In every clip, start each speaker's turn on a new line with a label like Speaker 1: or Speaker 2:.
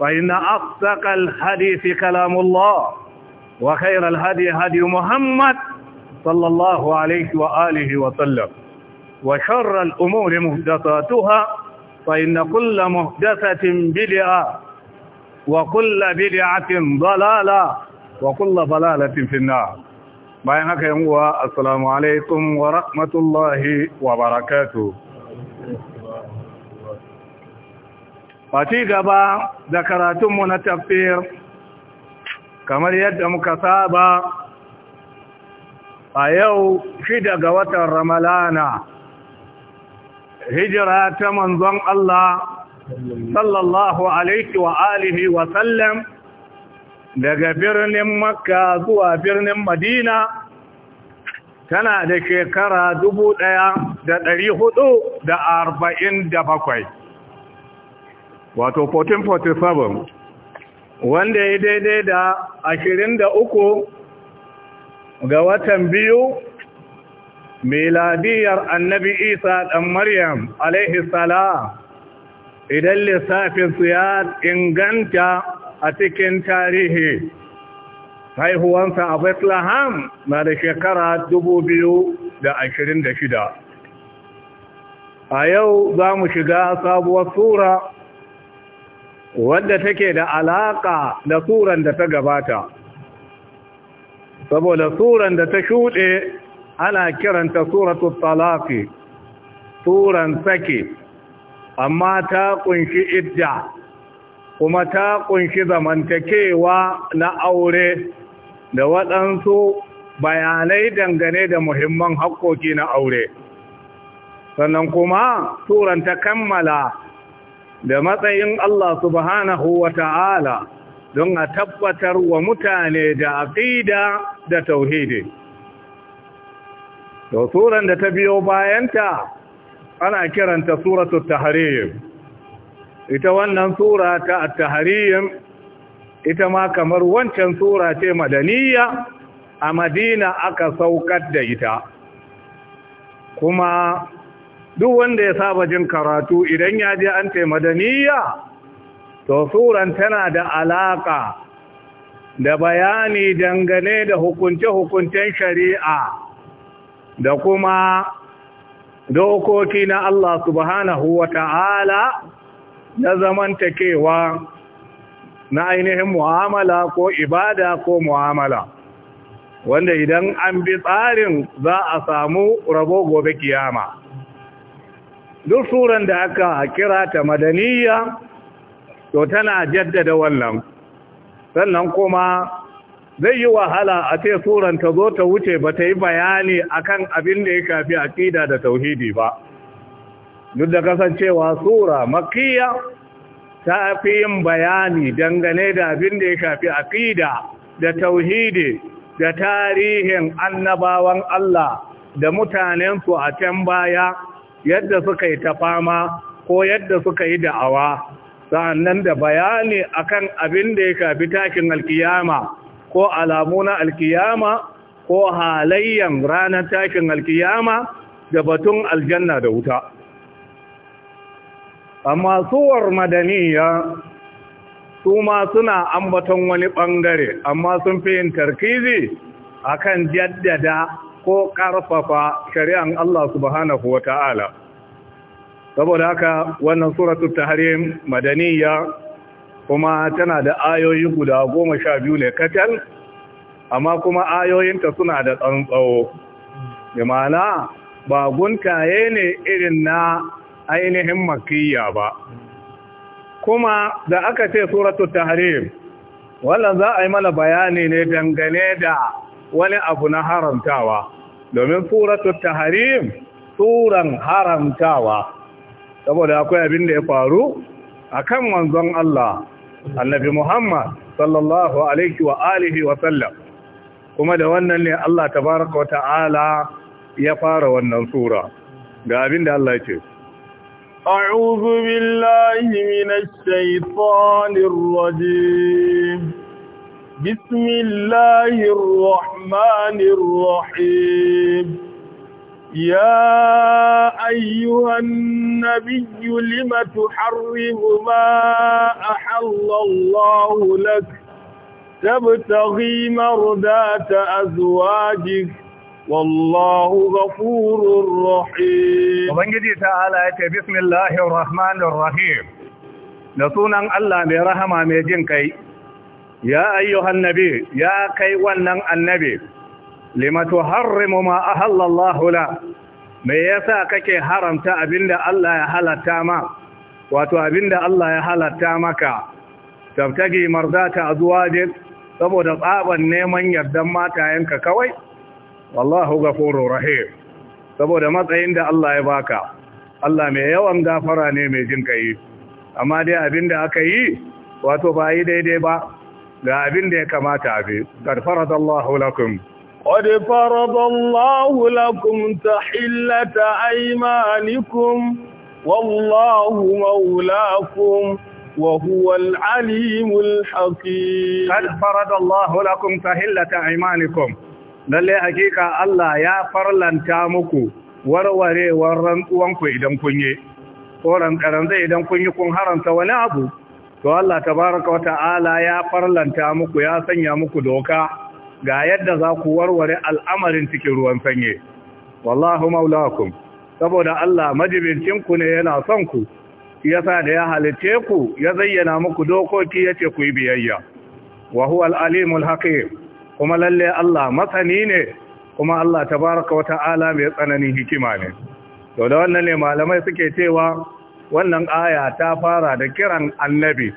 Speaker 1: فإن أصدق الحديث كلام الله وخير الهدي هدي محمد صلى الله عليه وآله وسلم وشر الأمور مهدثاتها فإن كل مهدثة بدعة وكل بدعة ضلالة وكل ضلالة في النار بينك يا السلام عليكم ورحمة الله وبركاته a ci gaba da karatunmu na tafsir kamar yadda muka saba a yau shida ga watan ramalana hijira ta manzon Allah sallallahu alaihi wa alihi wa sallam daga birnin makka zuwa birnin madina tana da shekara dubu ɗaya da ɗari huɗu da arba'in da bakwai. wato 1447 wanda ya daidai da uku ga watan biyu miladiyar annabi isa ɗan maryam alaihi idan lissafin su ya inganta a cikin tarihi haihuwansa a bethlehem na da shekara da 2026 a yau za mu shiga sabuwar sura wadda take da alaƙa da suran da ta gabata saboda suran da ta shuɗe ana kiranta suratu talafi suran sake amma ta ƙunshi idda kuma ta ƙunshi zamantakewa na aure da waɗansu bayanai dangane da muhimman haƙƙoƙi na aure sannan kuma suran ta kammala da matsayin Allah subhanahu wa ta'ala don a tabbatar wa mutane da aƙida da tauhidi. To, Suran da ta biyo bayanta ana kiranta Suratu Tahariyim, ita wannan Sura ta Tahariyim, ita ma kamar wancan Sura ce madaniya a Madina aka saukar da ita. Kuma duk wanda ya saba jin karatu idan ya je an ce madaniya to suran tana da alaka da bayani dangane da hukunce-hukuncen shari'a da kuma dokoki na Allah subhanahu wa ta'ala na zamantakewa na ainihin mu'amala ko ibada ko mu'amala wanda idan an bi tsarin za a samu rabo gobe kiyama duk suran da aka kira ta madaniya to tana jaddada wannan sannan kuma zai yi wahala a ce suran ta zo ta wuce ba ta yi bayani akan abin da ya kafi aƙida da tauhidi ba duk da kasancewa sura makiya ta fi yin bayani dangane da abin da ya shafi aƙida da tauhidi da tarihin annabawan Allah da mutanensu a can baya yadda suka yi ta fama ko yadda suka yi da'awa sa'annan da bayani akan abin da ya kafi takin alkiyama ko alamu na alkiyama ko halayyan ranar takin alkiyama da batun aljanna da wuta amma suwar madaniya su ma suna ambaton wani ɓangare amma sun fi yin tarkizi akan jaddada ko ƙarfafa shari'an Allah subhanahu wa ta'ala. Saboda haka wannan ta tahrim madaniya kuma tana da ayoyi guda goma sha biyu ne kacal, amma kuma ayoyinta suna da tsantsawo. Da ma'ana ba guntaye ne irin na ainihin makiyya ba. Kuma da aka ce ta tahrim, wannan za a yi mana bayani ne dangane da wani abu na haramtawa domin suratul taharim suran haramtawa saboda akwai abin da ya faru a kan manzon Allah annabi Muhammad sallallahu alaihi wa alihi wa sallam kuma da wannan ne Allah tabaraka wa ta'ala ya fara wannan sura ga abin da Allah ce أعوذ بالله من الشيطان بسم الله الرحمن الرحيم يا أيها النبي لم تحرم ما أحل الله لك تبتغي مردات أزواجك والله غفور رحيم وبنجي تعالى بسم الله الرحمن الرحيم da sunan Allah mai rahama mai jin kai ya ayyuhan nabi ya kai wannan annabi limatu harrimu ma ahallallahu la me yasa kake haramta abinda Allah ya halatta ma wato abinda Allah ya halatta maka tabtagi marzata azwajin saboda tsaban neman yardan matayenka kawai wallahu ghafurur rahim saboda matsayin da Allah ya baka Allah mai yawan gafara ne mai jin kai amma dai abinda aka yi wato ba yi daidai ba Da abin da ya kamata a bi ƙarfara da Allah lakum قد فرض الله لكم تحلة أيمانكم والله مولاكم وهو العليم الحكيم قد فرض الله لكم تحلة أيمانكم lalle hakika Allah ya farlanta muku warwarewar rantsuwanku idan kun yi ko rantsarantsa idan kun yi kun haranta wani abu to Allah tabaraka wata'ala ya farlanta muku ya sanya muku doka ga yadda za ku warware al'amarin cikin ruwan sanye wallahu maulakum saboda Allah majibincin ku ne yana son ku yasa da ya halitte ku ya zayyana muku dokoki yace ku yi biyayya wa huwa al-alimul hakim kuma lalle Allah masani ne kuma Allah tabaraka wata'ala mai tsananin hikima ne to da wannan ne malamai suke cewa wannan aya ta fara da kiran annabi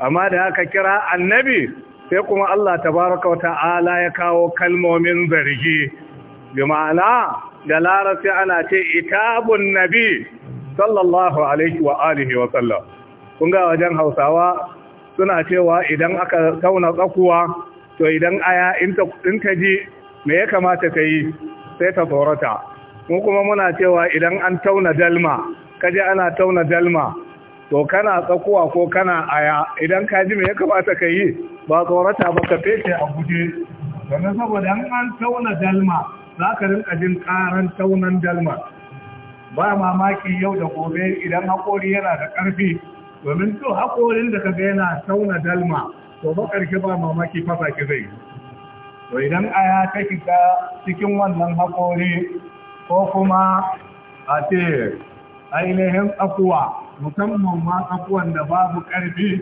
Speaker 1: amma da aka kira annabi sai kuma Allah tabaraka wata'ala ya kawo kalmomin zargi bi ma'ana da larasi ana ce itabun nabi sallallahu alaihi wa alihi wa sallam kun ga wajen Hausawa suna cewa idan aka tauna tsakuwa to idan aya in ta ji me ya kamata ka yi sai ta tsorata mu kuma muna cewa idan an tauna dalma kaje ana tauna dalma to kana tsakuwa ko kana aya idan ka ji me ya kamata ka yi ba tsorata ba ka fete a guje sannan saboda an an tauna dalma za ka rinka jin karan taunan dalma ba mamaki yau da gobe idan haƙori yana da ƙarfi domin to haƙorin da ka ga yana tauna dalma to ba ƙarfi ba mamaki fasa ki zai to idan aya ta shiga cikin wannan haƙori ko kuma a ce ainihin akuwa musamman ma akuwan da babu ƙarfi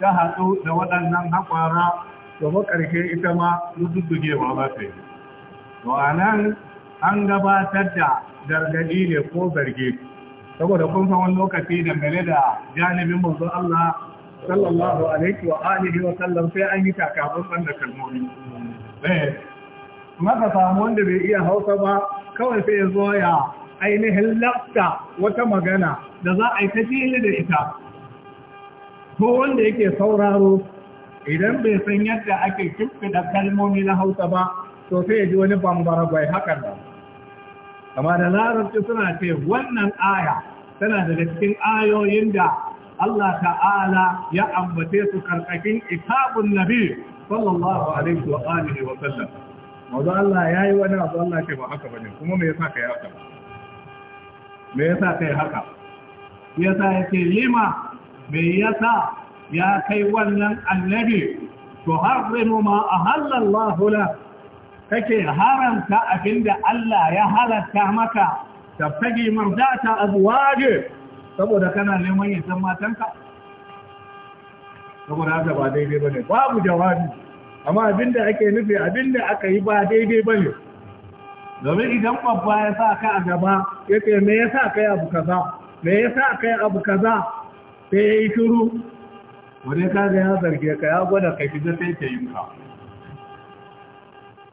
Speaker 1: ta hatsu da waɗannan haƙwara da makarke ita ma rududdugewa ba ta yi to a nan an gabatar da gargaɗi ne ko zarge saboda kun san wani lokaci dangane da janibin mazu Allah sallallahu alaihi wa wa sallam sai an yi takamun da kalmomi eh maka samu wanda bai iya hausa ba kawai sai ya zo ya ainihin lafta wata magana da za a yi ta fili da ita ko wanda yake sauraro idan bai san yadda ake kifta da kalmomi na hausa ba to sai ji wani bambara bai hakan ba. kama da larabci suna ce wannan aya tana daga cikin ayoyin da Allah ta'ala ya ambace su karkashin ikabun nabi sallallahu alaihi wa alihi wa sallam Mazu Allah ya yi wani abu Allah ce ba haka bane kuma me yasa ka yi haka ba me yasa kai haka yasa yake lima me yasa ya kai wannan annabi tuharrimu ma ahalla Allah la kake haramta abinda Allah ya halatta maka fage marzata azwaje saboda kana neman yin san matanka saboda haka ba daidai bane babu jawabi amma abinda ake nufi abinda aka yi ba daidai bane domin idan babba ya sa ka a gaba ya ce me yasa kai abu kaza me yasa kai abu kaza sai ya yi shiru wani kaga ya zarge ka ya gwada ka fi zai ta yi ka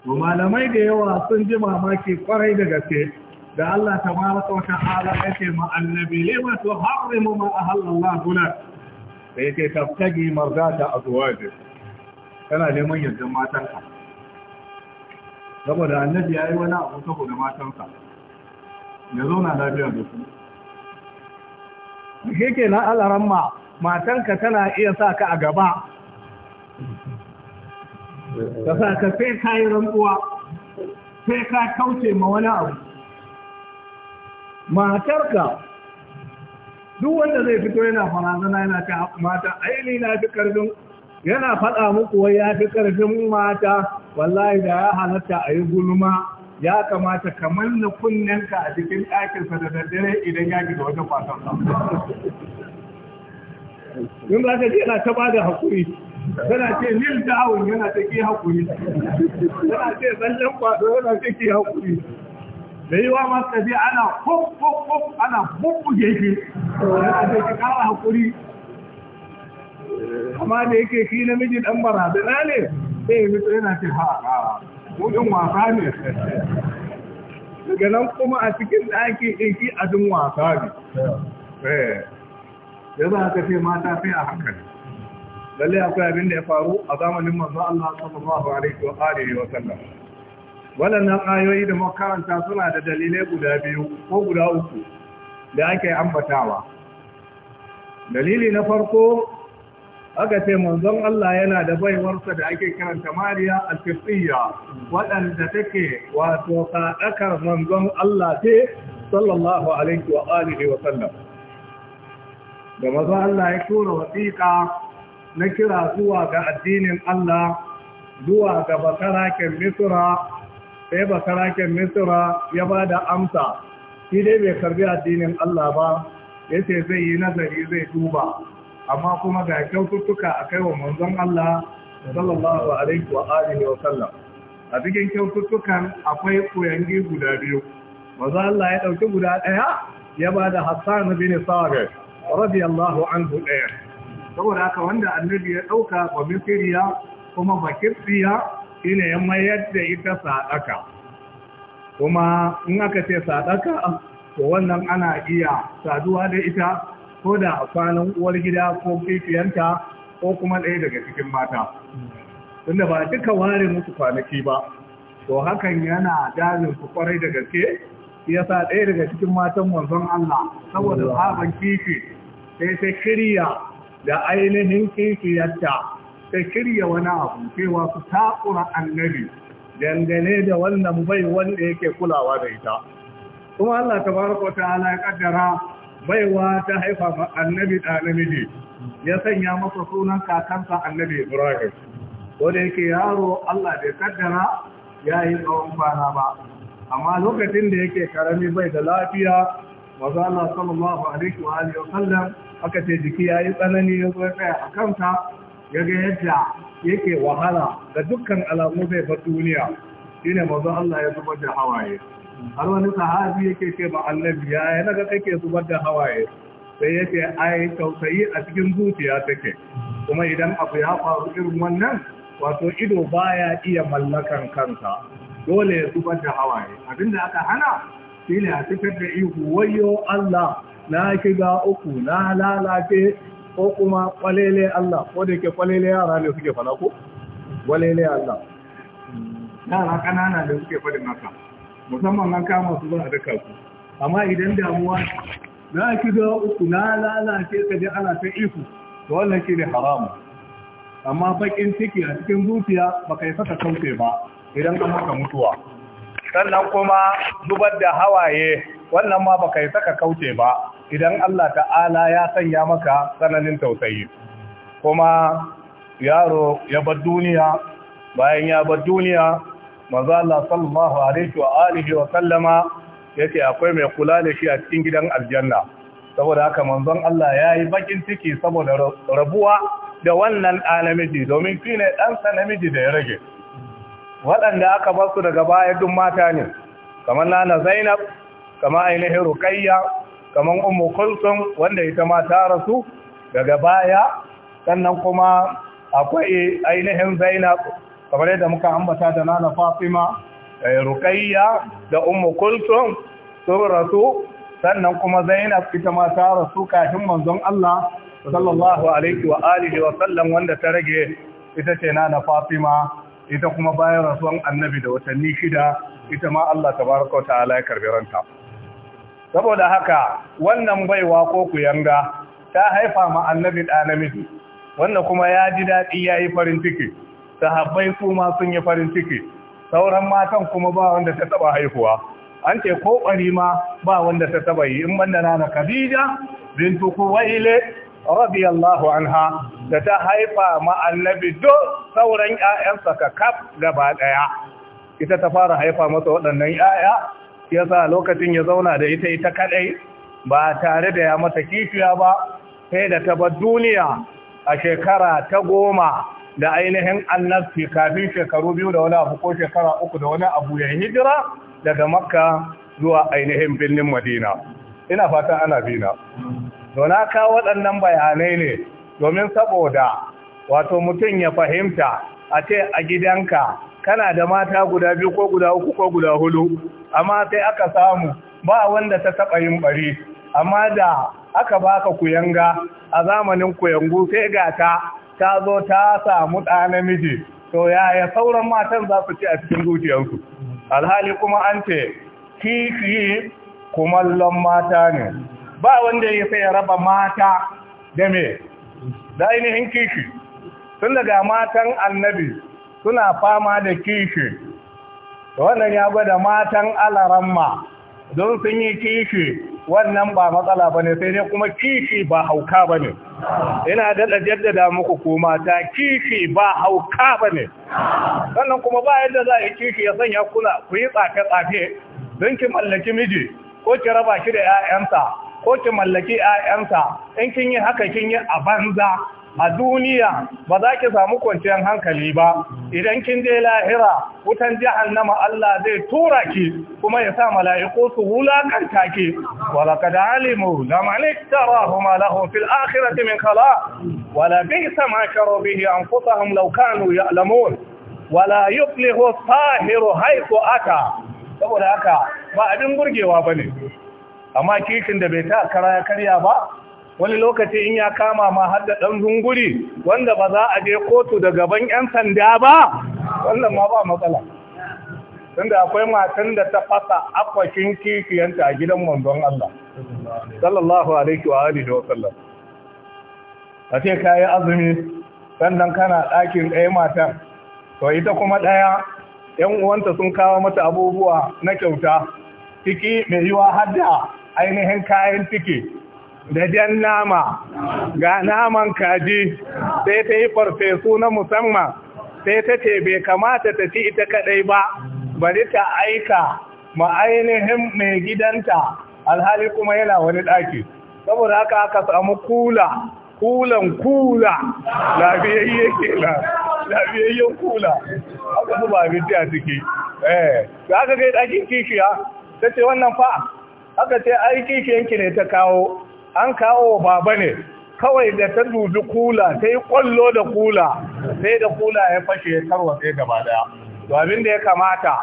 Speaker 1: to malamai da yawa sun ji mamaki kwarai da gaske da Allah ta tabaraka wa ya yake ma annabi lima tuharrimu ma ahallallahu lak sai yake tabtagi marzata azwajik kana neman yardan matanka saboda annabi yi wani abu saboda matarka. ya na lafiya da su shi ke na ma matanka tana iya sa ka a gaba Ka sa ka sai ka yi rantsuwa sai ka kauce ma wani abu matarka duk wanda zai fito yana farazana yana ta mata aini na fi karfin yana faɗa muku wai ya fi karfin mata wallahi da ya halatta a yi gulma ya kamata ka manna kunnenka a cikin ɗakinsa da daddare idan ya gida wajen kwasan yin ba ta ce yana ta ba da haƙuri yana ce nil da'awun yana ta ke haƙuri Yana ce zallen kwaso yana ta ke haƙuri da yi wa masu ce ana hop ana bubbuge shi yana ta ke ƙara haƙuri amma da yake shi namiji ɗan barazana ne sai yi mutu yana ce ha ƙara kudin wasa ne daga nan kuma a cikin ɗaki ɗinki abin wasa ne eh, ya za ka ce mata sai a hankali lalle akwai abin da ya faru a zamanin manzo Allah sallallahu alaihi wa alihi wa sallam waɗannan ayoyi da makaranta suna da dalilai guda biyu ko guda uku da ake ambatawa dalili na farko aka ce manzon Allah yana da baiwarsa da ake kiranta Mariya al-Qibtiyya waɗanda take wato sadakar manzon Allah ce sallallahu alaihi wa alihi wa sallam da manzon Allah ya tura wasiƙa na kira zuwa ga addinin Allah zuwa ga bakaraken Misra sai bakaraken Misra ya ba da amsa shi dai bai karbi addinin Allah ba yace zai yi nazari zai duba amma kuma ga kyaututtuka a kai wa manzon Allah sallallahu alaihi wa alihi wa sallam a cikin kyaututtukan akwai koyangi guda biyu manzo Allah ya dauki guda daya ya bada Hassan bin Sabit radiyallahu anhu daya saboda haka wanda annabi ya dauka wa misriya kuma bakirsiya shine ya mayar da ita sadaka kuma in aka ce sadaka to wannan ana iya saduwa da ita ko da a kwanan uwar gida ko kifiyanta ko kuma ɗaya daga cikin mata tunda ba duka ware musu kwanaki ba to hakan yana dajin su kwarai da gaske ya sa ɗaya daga cikin matan manzon Allah saboda tsaban kifi sai ta kirya da ainihin kifiyarta ta kirya wani abu cewa su takura annabi dangane da wannan bai wanda yake kulawa da ita kuma Allah ta tabaraka ta'ala ya kaddara baiwa ta haifa ma annabi da namiji ya sanya masa sunan kakansa annabi Ibrahim ko yake yaro Allah bai kaddara ya yi tsawon kwana ba amma lokacin da yake karami bai da lafiya maza Allah sallallahu alaihi wa alihi wa sallam aka ce jiki yayi tsanani ya zo tsaya a kansa ya ga yadda yake wahala da dukkan alamu bai bar duniya shine maza Allah ya zubar da hawaye har wani sahabi yake ce ma annabi ya yana ga kake zubar da hawaye sai ya ce ai tausayi a cikin zuciya take kuma idan abu ya faru irin wannan wato ido baya iya mallakan kansa dole ya zubar da hawaye abinda aka hana shine a fitar da ihu wayo Allah na shiga uku na lalace ko kuma kwalele Allah ko da ke kwalele yara ne suke fala ko kwalele Allah yara kanana ne suke fadin haka musamman an kama su ba a daka su amma idan damuwa za ki ga uku na lalace ka je ana ta iku to wannan shi ne haramu amma bakin ciki a cikin zuciya ba kai saka kauce ba idan an maka mutuwa sannan kuma zubar da hawaye wannan ma ba kai saka kauce ba idan Allah ta'ala ya sanya maka tsananin tausayi kuma yaro ya bar duniya bayan ya bar duniya manzo Allah sallallahu alaihi wa alihi wa sallama yake akwai mai kula da shi a cikin gidan aljanna saboda haka manzon Allah yayi bakin ciki saboda rabuwa da wannan namiji domin shi ne dan sanamiji namiji da ya rage waɗanda aka bar su daga baya duk mata ne kamar nana Zainab kamar ainihin Ruqayya kamar Ummu Kulsum wanda ita ma ta rasu daga baya sannan kuma akwai ainihin Zainab kamar yadda muka ambata da nana fatima eh, rukayya da Umma kulsum sun rasu sannan kuma zainab ita ma ta rasu kafin manzon Allah sallallahu alaihi wa alihi wa sallam wanda ta rage ita ce nana fatima ita kuma bayan rasuwan annabi da watanni shida ita ma Allah tabaraka wa ta'ala ya karbi ranta saboda haka wannan baiwa ko kuyanga ta haifa ma annabi da namiji wanda kuma ya ji daɗi ya yi farin ciki sahabbai su ma sun yi farin ciki sauran matan kuma ba wanda ta taba haihuwa an ce ko ƙwari ma ba wanda ta taba yi in banda na kadija bintu Kuwaile radiyallahu anha da ta haifa ma annabi do sauran ƴaƴansa ka kaf gaba daya ita ta fara haifa masa waɗannan ƴaƴa yasa lokacin ya zauna da ita ita kadai ba tare da ya mata kifiya ba sai da ta bar duniya a shekara ta goma da ainihin annabci kafin shekaru biyu da wani abu ko shekara uku da wani abu ya hijira daga makka zuwa ainihin birnin madina ina fatan ana bina dona ka waɗannan bayanai ne domin saboda wato mutum ya fahimta a ce a gidanka kana da mata guda biyu ko guda uku ko guda hudu amma sai aka samu ba wanda ta taɓa yin bari amma da aka baka kuyanga a zamanin kuyangu sai gata. ta zo ta samu ɗa namiji to yaya sauran matan za su ci a cikin zuciyarsu alhali kuma an ce kishi kumallon mata ne ba wanda ya sai raba mata da me da ainihin kishi sun daga matan annabi suna fama da kishi wannan ya gwada matan alaramma don sun yi kishi wannan ba matsala ba ne sai ne kuma kifi ba hauka ba ne ina daɗa jaddada muku kuma ta kifi ba hauka ba ne sannan kuma ba yadda za a yi kifi ya sanya kula ku yi tsafe-tsafe don ki mallaki miji ko ki raba shi da 'ya'yansa ko ki mallaki 'ya'yansa in kin yi haka kin yi a banza a duniya ba za ki samu kwanciyar hankali ba idan kin je lahira wutan jahannama Allah zai tura ki kuma ya sa mala'iku su wulakanta ki walaqad alimu laman iktarahu ma lahu fil akhirati min khalaq wala bi'sa ma karu bihi anfusahum law kanu ya'lamun wala yuflihu sahiru haythu ata saboda haka ba abin burgewa bane amma kikin da bai ta kara karya ba wani lokaci in ya kama ma har da ɗan zunguri wanda ba za a je kotu da gaban 'yan sanda ba wannan ma ba matsala tunda akwai matan da ta fasa akwakin kifiyanta a gidan manzon Allah sallallahu alaihi wa alihi wa sallam a ce kayi azumi sannan kana ɗakin ɗaya matan to ita kuma ɗaya ‘yan uwanta sun kawo mata abubuwa na kyauta ciki mai yiwa hadda ainihin kayan ciki da jan nama ga naman kaji sai ta yi farfesu na musamman sai ta ce bai kamata ta ci ita kadai ba bari ta aika ma ainihin mai gidanta alhali kuma yana wani ɗaki saboda haka aka samu kula kulan kula lafiyayye kenan lafiyayyen kula aka zuba abinci a ciki eh da aka kai ɗakin kishiya ta ce wannan fa aka ce ai kishiyanki ne ta kawo an kawo baba ne kawai da ta dubi kula ta yi kwallo da kula sai da kula ya fashe ya sai gaba daya to abin da ya kamata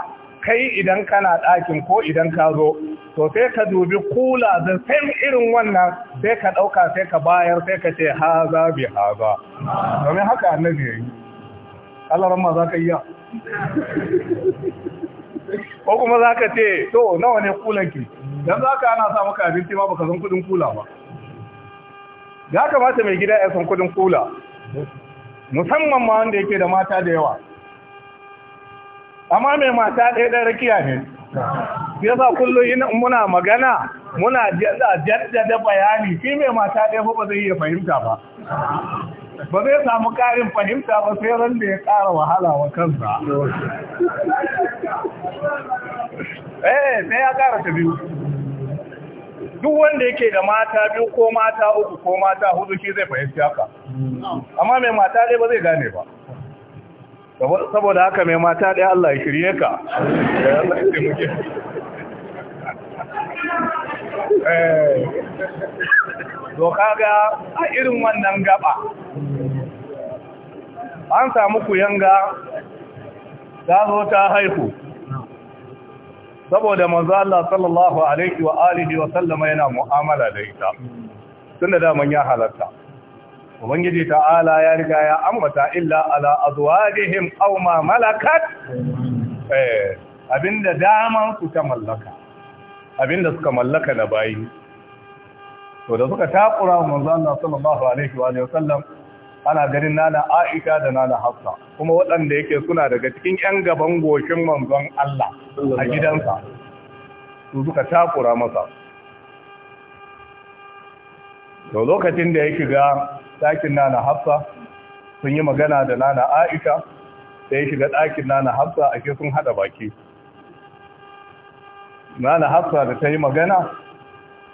Speaker 1: kai idan kana ɗakin ko idan ka zo to sai ka dubi kula da sai irin wannan sai ka ɗauka sai ka bayar sai ka ce haza bi haza domin haka annabi ya yi Allah za ka yi ko kuma za ka ce to nawa ne kulanki don za ka ana sa maka abinci ma baka san kudin kula ba ya kamata mai gida ya san kudin kula musamman ma wanda yake da mata da yawa amma mai mata ɗaya ɗan rakiya ne yasa kullum ina muna magana muna jaddada bayani shi mai mata ɗaya ba zai iya fahimta ba ba zai samu ƙarin fahimta ba sai ran ya ƙara wahala wa kansa eh sai ya ƙara ta biyu duk wanda yake da mata biyu ko mata uku ko mata hudu shi zai fahimci haka amma mai mata ɗaya ba zai gane ba saboda haka mai mata ɗaya Allah ya shirye ka eh. to kaga a irin wannan gaba an samu kuyanga ta zo ta haihu saboda manzo Allah sallallahu alaihi wa alihi wa sallama yana mu'amala da ita tunda da man ya halarta ubangiji ta'ala ya riga ya ambata illa ala azwajihim aw ma malakat eh abinda daman su ta mallaka abinda suka mallaka na bayi to da suka takura manzo Allah sallallahu alaihi wa alihi wa sallam ana ganin nana aisha da nana hafsa kuma waɗanda yake suna daga cikin 'yan gaban goshin manzon Allah a gidansa su suka takura masa to lokacin da ya shiga ɗakin nana hafsa sun yi magana da nana aisha da ya shiga ɗakin nana hafsa ake sun hada baki nana hafsa da ta yi magana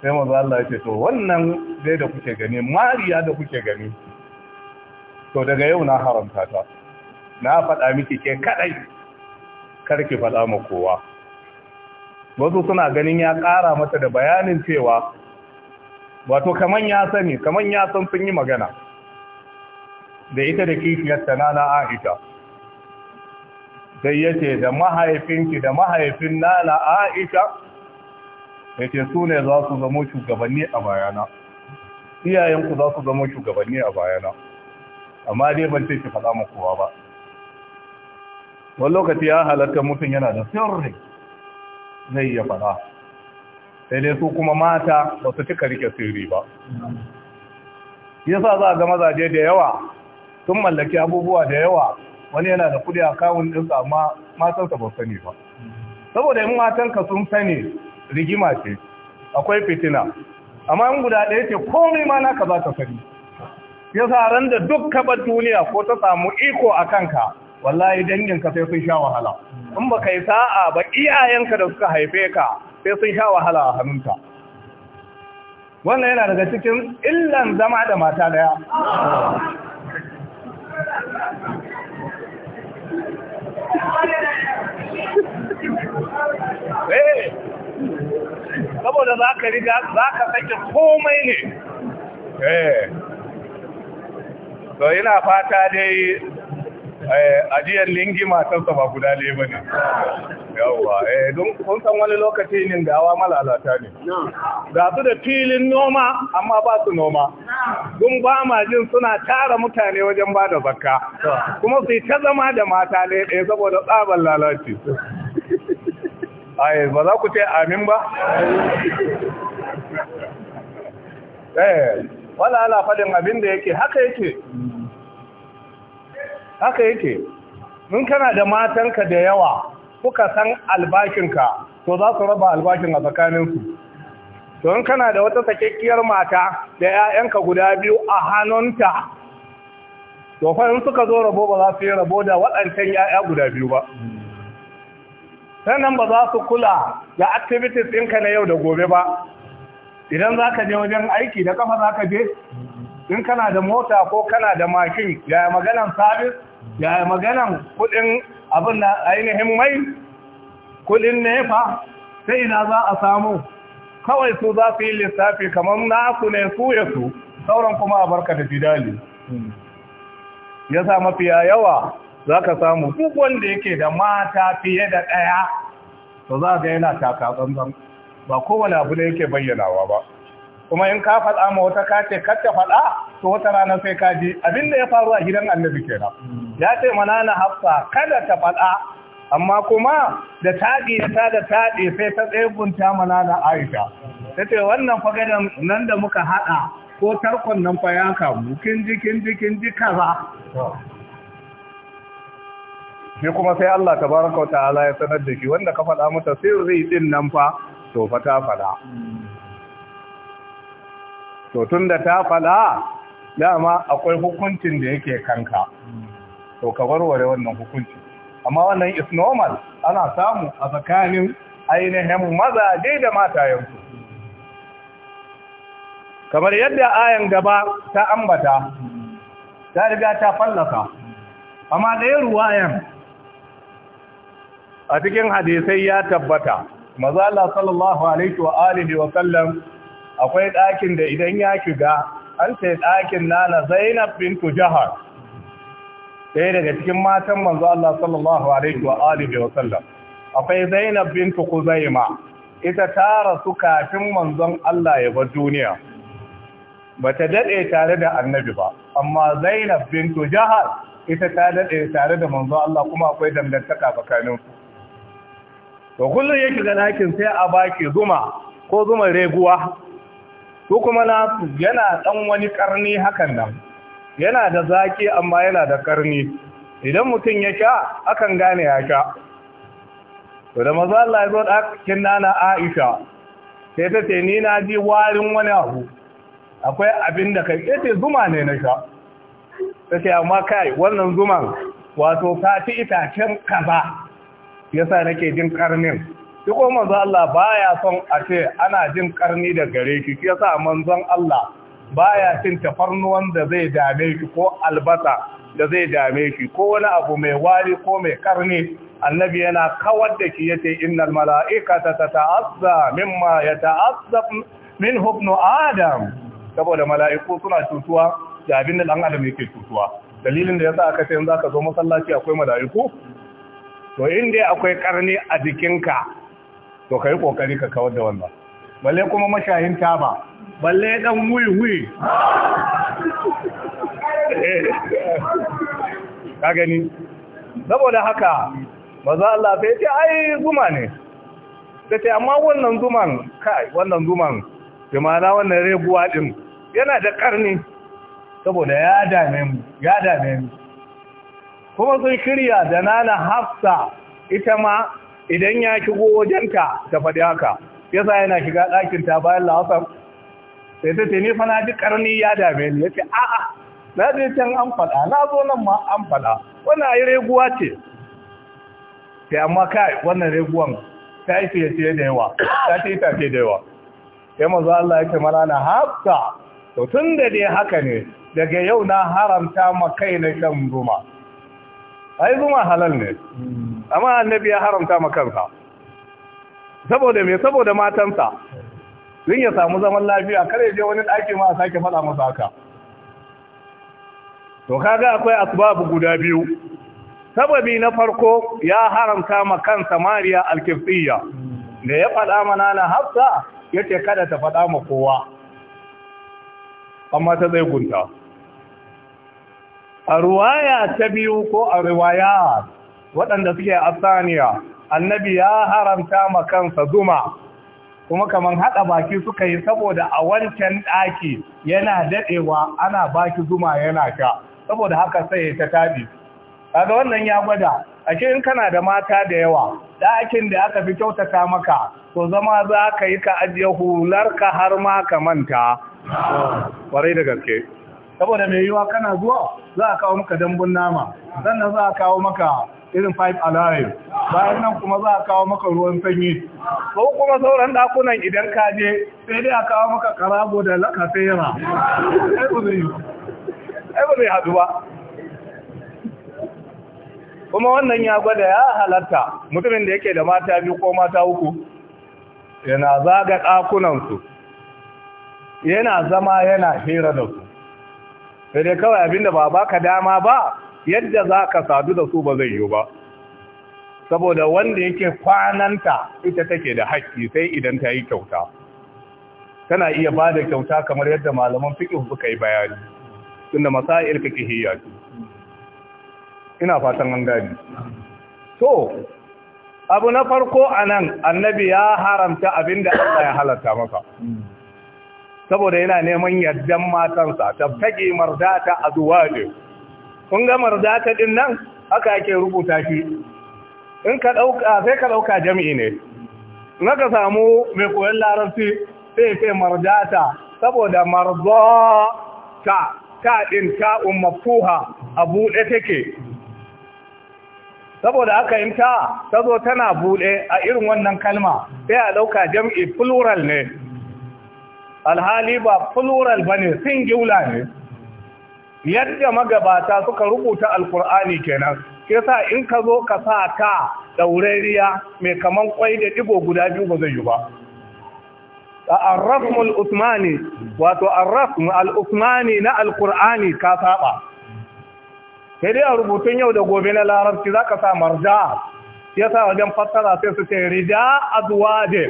Speaker 1: sai maza Allah ya to wannan dai da kuke gani mariya da kuke gani to daga yau na haramta ta na faɗa miki ke kaɗai ki faɗa ma kowa wasu suna ganin ya ƙara mata da bayanin cewa wato kaman ya sani kaman ya san sun yi magana da ita da kishiyar ta na aisha sai ya ce da mahaifinki da mahaifin na aisha ya ce su ne za su zamo shugabanni a bayana iyayenku za su zamo shugabanni a bayana amma dai ban ce ki faɗa mu kowa ba wani lokaci ya halatta mutum yana da sirri zai iya faɗa sai dai su kuma mata ba su cika rike sirri ba yasa za a ga mazaje da yawa sun mallaki abubuwa da yawa wani yana da kudi a kawun ɗinsa amma matansa ba sani ba saboda yin matanka sun sani rigima ce akwai fitina amma yin guda ɗaya ce komai ma naka za ta sani ya sa ran da duk kabar duniya ko ta samu iko a kanka wallahi danginka sai sun sha wahala in ba kai sa'a ba iyayenka da suka haife ka sai sun sha wahala a hannunka wannan yana daga cikin illan zama da mata daya eh, saboda za ka riga za ka sake komai ne eh. to ina fata dai eh, ajiyar lingi matarsa ba guda ne ba ne yawwa eh don kun wani lokaci ne da awa malalata ne ga su da filin noma amma ba su noma dun ba ma jin suna tara mutane wajen ba da zakka kuma su yi ta zama da mata ne ɗaya saboda tsabar lalaci ai ba za ku ce amin ba eh wala ala faɗin abin da yake haka yake haka yake in kana da matanka da yawa kuka san albashinka to za su raba albashin a tsakaninsu to in kana da wata sakekkiyar mata da 'ya'yanka guda biyu a hannunta to fa in suka zo rabo ba za su yi rabo da waɗancan 'ya'ya guda biyu ba sannan ba za su kula da activities ɗinka na yau da gobe ba idan za ka je wajen aiki da kafa za ka je in kana da mota ko kana da mashin yaya maganan sabis yaya maganan kudin abin da ainihin mai kudin nefa sai ina za a samu kawai su za su yi lissafi kamar nasu ne su ya su sauran kuma a barka da fidali ya sa mafiya yawa za ka samu duk wanda yake da mata fiye da ɗaya to za ga yana takatsantsan ba kowane abu ne yake bayyanawa ba kuma in ka faɗa ma wata ka ce kar ta faɗa to wata rana sai ka ji abin da ya faru a gidan annabi kenan ya ce mana na hafsa kada ta faɗa amma kuma da taɗi ta da taɗi sai ta tsegunta mana na aisha ta ce wannan da nan da muka haɗa ko tarkon nan fa ya kamu kin ji kin ji kin ji kaza shi kuma sai Allah tabaraka wa ta'ala ya sanar da shi wanda ka faɗa mata sirri din nan fa to ta fada to tun da ta fada dama akwai hukuncin da yake kanka to ka warware wannan hukunci amma wannan is normal ana samu a tsakanin ainihin mazaje da yanku kamar yadda ayan gaba ta ambata ta riga ta fallaka, amma ɗaya ruwayan a cikin hadisai ya tabbata maza Allah sallallahu alaihi wa alihi wa sallam akwai ɗakin da idan ya shiga an sai ɗakin nana Zainab bintu Jahar Sai daga cikin matan manzo Allah sallallahu alaihi wa alihi wa sallam akwai Zainab bintu Kuzaima ita ta rasu kafin manzon Allah ya bar duniya bata dade tare da annabi ba amma Zainab bintu Jahar ita ta dade tare da manzon Allah kuma akwai dangantaka tsakaninsu to kullum yake ga dakin sai a baki zuma ko zuma reguwa ko kuma na yana ɗan wani karni hakan nan yana da zaƙi amma yana da karni idan mutum ya sha akan gane ya sha to da maza Allah ya zo ɗakin nana Aisha sai ta ce ni na ji warin wani abu akwai abin da kai ce zuma ne na sha ta amma kai wannan zuman wato sati ci itacen kaza yasa nake jin karnin shi ko manzo Allah baya son a ce ana jin karni da gare shi shi yasa manzon Allah baya cin tafarnuwan da zai dame shi ko albasa da zai dame shi ko wani abu mai wari ko mai karni annabi yana kawar da shi yace innal mala'ikata tata'azza mimma yata'azza min hubnu adam saboda mala'iku suna cutuwa da abin da dan adam yake cutuwa dalilin da yasa aka ce in zaka zo masallaci akwai mala'iku to inda akwai karni a jikinka to ka yi kokari ka kawar da wannan balle kuma mashayin taba balle dan wuyi-wuyi eh. ka gani saboda haka maza Allah ta ce ai zuma ne ta ce amma wannan zuman kai wannan zuman jimana wannan reguwa din yana da karni saboda ya dame mu ya dame mu kuma sun shirya da nana hafsa ita ma idan ya shigo wajenta ta faɗi haka sa yana shiga ɗakinta bayan la'asar sai ta ce nifa na ji ƙarni ya dame ni ya ce a'a na je can an faɗa na zo nan ma an faɗa wannan ayi reguwa ce sai amma kai wannan reguwan ta yi fiye da yawa ta ce ita fiye da yawa sai mazu Allah ya ce mana na hafsa to tun da dai haka ne daga yau na haramta ma kai na shan ruma ai zuma halal ne amma annabi ya haramta ma kansa saboda me saboda matansa din ya samu zaman lafiya kar ya je wani daki ma a sake faɗa masa haka to kaga akwai asbabu guda biyu sababi na farko ya haramta ma kansa mariya alkifiyya da ya faɗa mana na hafsa yace kada ta faɗa ma kowa amma ta zai gunta a ruwaya ta biyu ko a ruwaya waɗanda suke asaniya annabi ya haramta ma kansa zuma kuma kamar haɗa baki suka yi saboda a wancan ɗaki yana daɗewa ana baki zuma yana sha saboda haka sai ya ta taɗi kaga wannan ya gwada ke in kana da mata da yawa ɗakin da aka fi kyautata maka to zama za ka yi ka ajiye hular ka har ma ka manta ƙwarai da gaske saboda mai yiwa kana zuwa za a kawo maka dambun nama sannan za a kawo maka irin five alive bayan nan kuma za a kawo maka ruwan sanyi ko kuma sauran dakunan idan ka je sai dai a kawo maka karago da lakasera ai ba zai haɗu ba kuma wannan ya gwada ya halatta mutumin da yake da mata biyu ko mata uku yana zaga ɗakunansu yana zama yana hira da su sai dai kawai abinda ba baka dama ba yadda za ka sadu da su ba zai yi ba saboda wanda yake kwananta ita take da haƙƙi sai idan ta yi kyauta tana iya ba da kyauta kamar yadda malaman fiƙi suka yi bayani tunda masa'il fiqhiyya ce ina fatan an gani to abu na farko anan annabi ya haramta abinda Allah ya halarta maka. saboda yana neman yardan matansa fage mardata ne kun ga mardata din nan haka yake rubuta shi in ka ɗauka, sai ka ɗauka jami'i ne naka samu mai koyon larabci sai sai mardata saboda mardata ta din ta'un mafuha a buɗe take saboda aka in ta ta zo tana buɗe a irin wannan kalma sai a ɗauka jam'i plural ne alhali ba plural ba ne singular ne yadda magabata suka rubuta alkur'ani kenan ke sa in ka zo ka sa ta daurariya mai kaman kwai da digo guda biyu ba zai yi ba A al-usmani wato arrafmu al-usmani na alkur'ani ka saba sai dai a rubutun yau da gobe na larabci zaka sa marja yasa wajen fassara sai su ce rida azwaje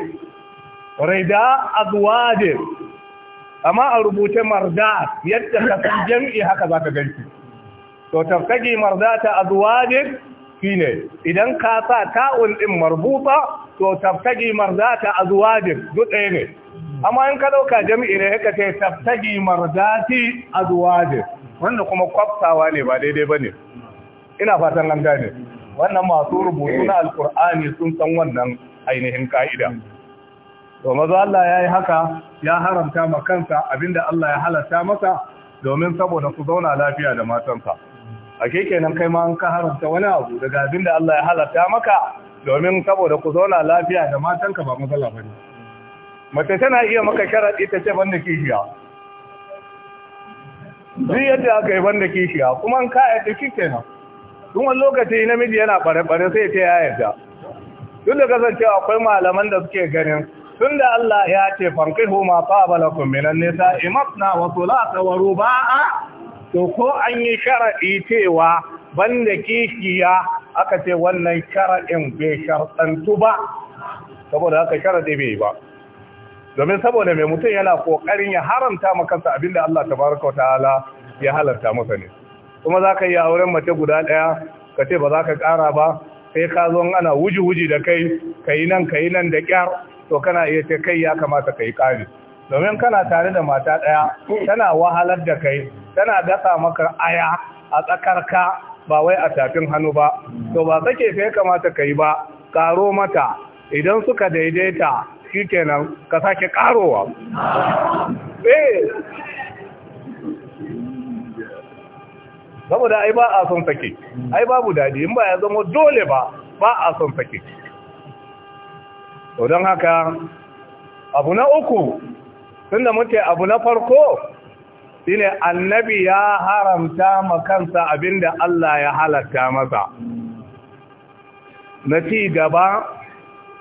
Speaker 1: rida azwaje amma a rubuce marda yadda ka san jam'i haka za ka ganci to tabtagi marda ta azwajin shine idan ka sa ta'un din marbuta to tabtagi marda ta azwajin duk ne amma in ka dauka jam'i ne haka ce marda mardati azwajin wanda kuma kwaftawa ne ba daidai bane ina fatan an gane wannan masu rubutu na alkur'ani sun san wannan ainihin ka'ida to maza Allah ya yi haka ya haramta ma kansa abinda Allah ya halatta masa domin saboda ku zauna lafiya da matansa a kenan kai ma an ka haramta wani abu daga abinda Allah ya halatta maka domin saboda ku zauna lafiya da matanka ba matsala bane mace tana iya maka sharaɗi ta ce banda kishiya duk yadda aka yi banda kishiya kuma an ka yadda kenan tun wani lokaci namiji yana bare-bare sai ta yayarta duk da kasancewa akwai malaman da suke ganin tun da Allah ya ce fankihu ma tabalakun minan nisa imatna wa thulatha wa ruba'a to ko an yi shara'i cewa banda kishiya aka ce wannan shara'in bai shartantu ba saboda haka sharadi bai ba domin saboda mai mutum yana kokarin ya haramta makansa da Allah tabaraka ta'ala ya halarta masa ne kuma za ka yi auren mace guda daya ce ba za ka kara ba sai ka zo ana wuji-wuji da kai ka yi nan ka yi nan da kyar to kana iya ce kai ya kamata ka yi ƙari domin kana tare da mata ɗaya tana wahalar da kai tana gasa maka aya a tsakarka ba wai a tafin hannu ba to ba sake sai kamata ka yi ba ƙaro mata idan suka daidaita shi kenan ka sake ƙarowa eh! saboda ai ba a son sake ai babu daɗi. in ba ya zama dole ba ba a son sake to don haka abu na uku da muke abu na farko shine annabi ya haramta ma kansa da Allah ya halatta masa na ci gaba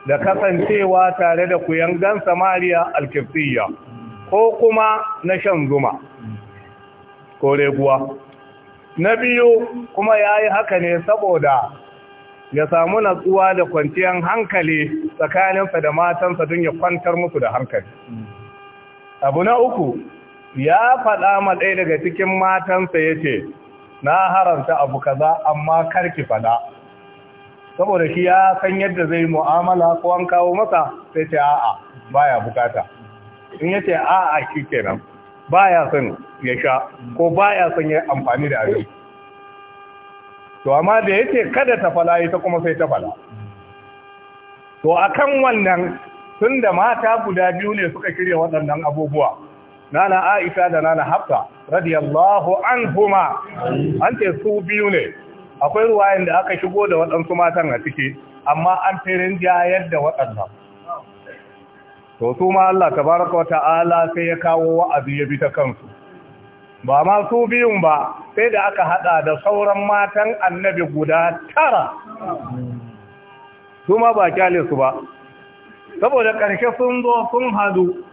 Speaker 1: da kasancewa tare da kuyan gan samariya alkifiyya ko kuma na shan zuma ko reguwa na biyu kuma ya yi haka ne saboda ya samu natsuwa da kwanciyar hankali tsakaninsa da matansa don ya kwantar musu da hankali abu na uku ya faɗa matsayi daga cikin matansa ya ce na haramta abu kaza amma karki faɗa saboda shi ya san yadda zai mu'amala ko an kawo masa sai ce a'a baya bukata in yace a'a shi kenan baya son ya sha ko baya son ya amfani da abin to amma da yake kada ta fala ita kuma sai ta fala to akan wannan tun da mata guda biyu ne suka kirya waɗannan abubuwa nana Aisha da nana Hafsa radiyallahu anhuma an ce su biyu ne akwai ruwayen da aka shigo da waɗansu matan a ciki amma an firin jayar da waɗannan to su ma Allah tabaraka ta'ala sai ya kawo wa'azi ya bi ta kansu ba ma su biyun ba sai da aka hada da sauran matan annabi guda tara su ma ba kyale su ba saboda ƙarshe sun zo sun hadu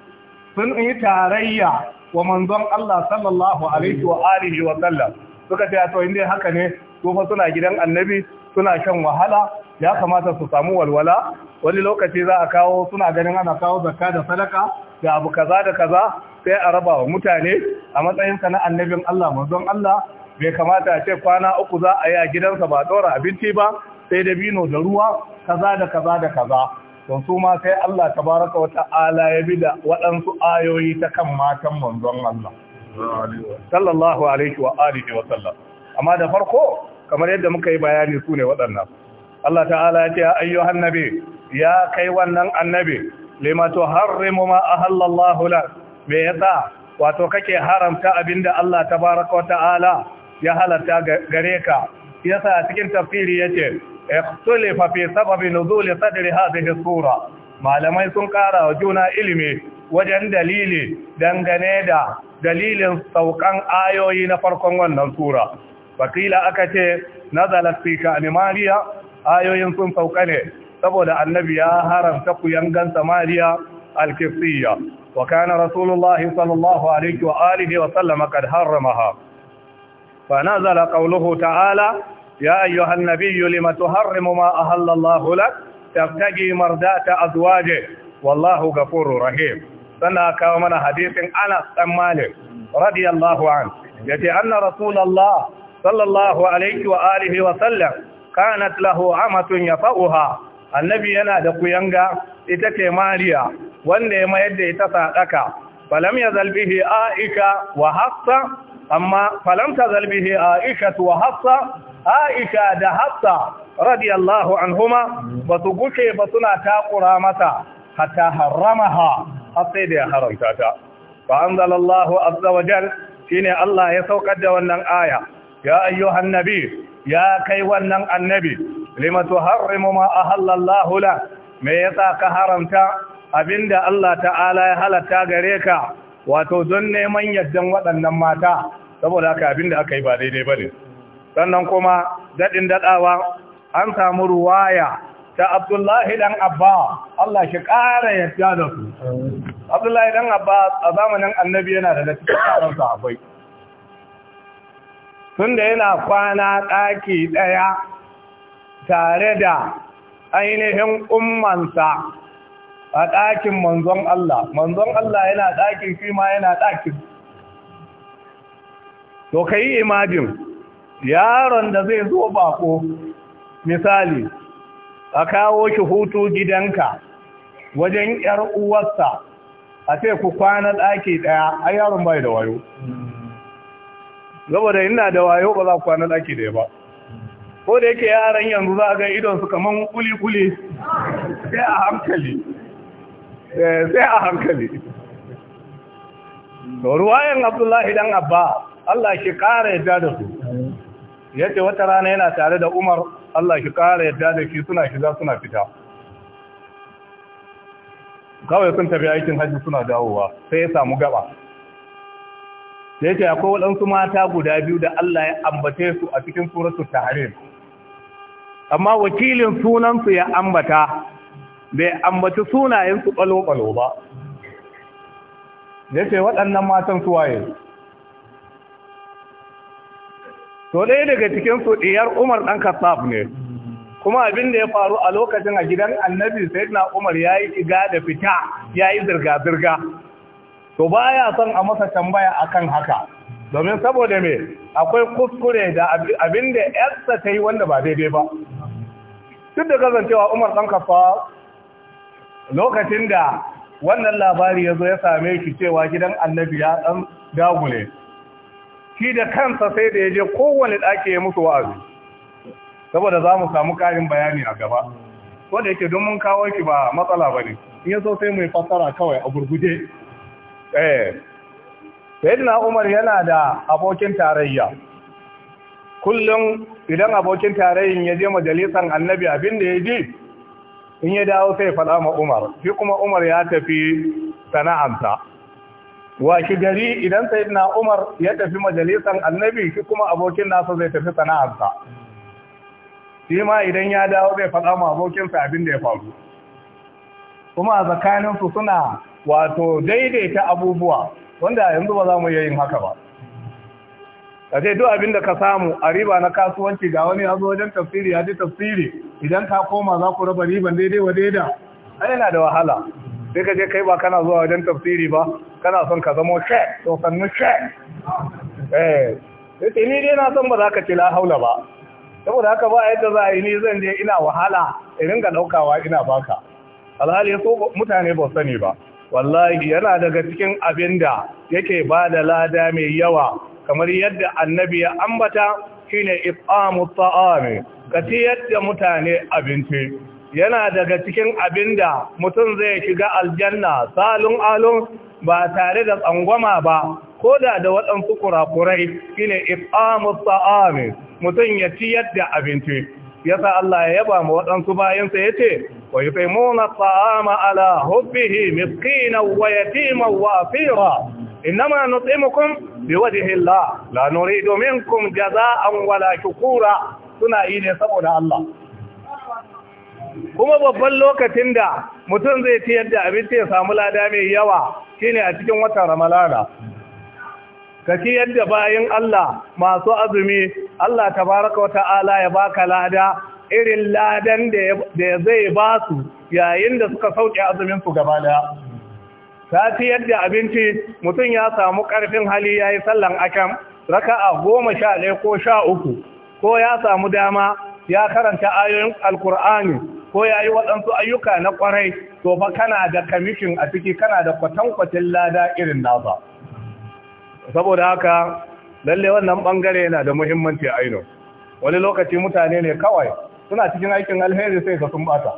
Speaker 1: sun yi tarayya wa manzon Allah sallallahu alaihi wa alihi wa sallam suka ce to inda haka ne su fa suna gidan annabi suna shan wahala ya kamata su samu walwala wani lokaci za a kawo suna ganin ana kawo zakka da sadaka da abu kaza da kaza sai a raba wa mutane a matsayin na annabin Allah manzon Allah bai kamata a ce kwana uku za a yi a gidansa ba ɗora abinci ba sai da bino da ruwa kaza da kaza da kaza don su ma sai Allah tabaraka wa ta'ala ya bi da waɗansu ayoyi ta kan matan manzon Allah sallallahu alaihi wa alihi wa sallam amma da farko kamar yadda muka yi bayani su ne waɗannan Allah ta'ala ya ce ayyuhan annabi ya kai wannan annabi lima tuharrimu ma ahallallahu lak me yasa wato kake haramta abinda Allah tabaaraka wa ta'ala ya halatta gare ka yasa cikin tafsiri yace ikhtulifa fi sababi nuzul sadri hadhihi sura malamai sun kara wa juna ilimi wajen dalili dangane da dalilin saukan ayoyi na farkon wannan sura Fakila aka ce nazalat fi Mariya. ayoyin sun sauka ne saboda annabi ya haramta kuyangan samariya alkifiyya wa kana rasulullahi sallallahu alaihi wa alihi wa sallama kad harramaha fa nazala qawluhu ta'ala ya ayyuhan nabiy lima tuharrimu ma ahalla Allahu lak tabtagi mardata azwaje wallahu ghafurur rahim sana kawo mana hadisin Anas dan Malik radiyallahu anhu yace anna rasulullahi sallallahu alaihi wa alihi wa sallam كانت له عمة يفؤها النبي أنا دقيانجا إتتي ماريا وأن ما يدي تساقك فلم يزل به آئكا وحفصة أما فلم تزل به آئكا وحفصة آئكا دهفصة رضي الله عنهما وتقوشي بطنا تاقرامتا حتى هرمها أصيد يا حرمتاتا فأنزل الله عز وجل فيني الله يسوق الدوان آية يا أيها النبي ya kai wannan annabi limatu harrimu ma ahallallahu la me yasa ka haramta abinda Allah ta'ala ya halatta gare ka wato don neman yaddan waɗannan mata saboda haka abinda aka yi ba daidai bane sannan kuma dadin dadawa an samu ruwaya ta Abdullahi dan Abba Allah shi ƙara yadda da su Abdullahi dan Abba a zamanin annabi yana da lafiya a sahabbai tunda yana kwana ɗaki ɗaya tare da ainihin ummansa a ɗakin manzon Allah manzon Allah yana ɗakin shi ma yana ɗakin to ka yi imajin yaron da zai zo bako misali a kawo shi hutu gidanka wajen ‘yar uwarsa a ce ku kwana ɗaki ɗaya a yaron bai da wayo saboda ina da wayo ba za kwana ɗaki da ba ko da yake yaran yanzu za ga idon su kaman kuli kuli sai a hankali eh, sai a hankali to ruwayan abdullahi dan abba Allah shi kara yadda da su yace wata rana yana tare da Umar Allah shi kara yadda da shi suna shiga suna fita kawai sun tafi aikin hajji suna dawowa sai ya samu gaba da yake akwai waɗansu mata guda biyu da Allah ya ambace su a cikin suratul tahrim amma wakilin sunansu ya ambata bai ambaci sunayensu ɓalo-ɓalo ba ya ce waɗannan matan suwaye to ɗaya daga cikinsu ɗiyar umar ɗan kasaf ne kuma abin da ya faru a lokacin a gidan annabi sai na umar ya yi shiga da fita ya yi zirga-zirga to ya son a masa tambaya akan haka domin saboda me akwai kuskure da abin da yarsa ta yi wanda ba daidai ba duk da kasancewa umar ɗan kafa lokacin da wannan labari ya zo ya same shi cewa gidan annabi ya ɗan dagule shi da kansa sai da ya je kowane ɗaki ya musu wa'azi saboda za mu samu ƙarin bayani a gaba wanda yake don mun kawo shi ba matsala ba ne in so sai mai fassara kawai a gurguje eh sayyidina umar yana da abokin tarayya kullum idan abokin tarayyin ya je majalisan annabi abin da ya ji in ya dawo sai faɗa ma umar shi kuma umar ya tafi sana'anta washi gari idan sayyidina umar ya tafi majalisan annabi shi kuma abokin nasa zai tafi sana'anta shi ma idan ya dawo zai faɗa ma abokinsa abin da ya faru kuma a tsakaninsu suna wato daidaita abubuwa wanda yanzu ba za mu yin haka ba ka ce duk abin da ka samu a riba na kasuwanci ga wani ya zo wajen tafsiri ya ji tafsiri idan ka koma za ku raba riban daidai wa daida ai yana da wahala sai ka je kai ba kana zuwa wajen tafsiri ba kana son ka zamo shek to sannu shek eh sai ni dai na son ba za ka ci la haula ba saboda haka ba yadda za a yi ni zan je ina wahala in ringa daukawa ina baka alhali so mutane ba sani ba wallahi yana daga cikin abin da yake ba da lada mai yawa kamar yadda annabi ya ambata shi ne ifamu ta'ami ka ci yadda mutane abinci yana daga cikin abin da mutum zai shiga aljanna salun alun ba tare da tsangwama ba ko da da waɗansu kurakurai ne ifamu ta'ami mutum ya ci yadda abinci yasa Allah ya yaba ma waɗansu bayansa ya ce? ويطعمون الطعام على حبه مسكينا ويتيما وافيرا إنما نطعمكم بوجه الله لا نريد منكم جزاء ولا شكورا سنا إيني سبنا الله kuma babban lokacin da mutum zai ci yadda abinci ya samu lada mai yawa shine a cikin watan ramalana ka ci yadda bayin Allah masu azumi Allah tabaraka wa ta'ala ya baka lada irin ladan da zai ba su yayin da suka sauke azuminsu gaba daya ta ciyar da abinci mutum ya samu ƙarfin hali ya yi sallan akam raka'a goma sha ɗaya ko sha uku ko ya samu dama ya karanta ayoyin alkur'ani ko ya yi waɗansu ayyuka na ƙwarai to fa kana da kamishin a ciki kana da kwatankwacin lada irin nasa saboda haka lalle wannan ɓangare yana da muhimmanci a ainihin wani lokaci mutane ne kawai suna cikin aikin alheri sai ka sun bata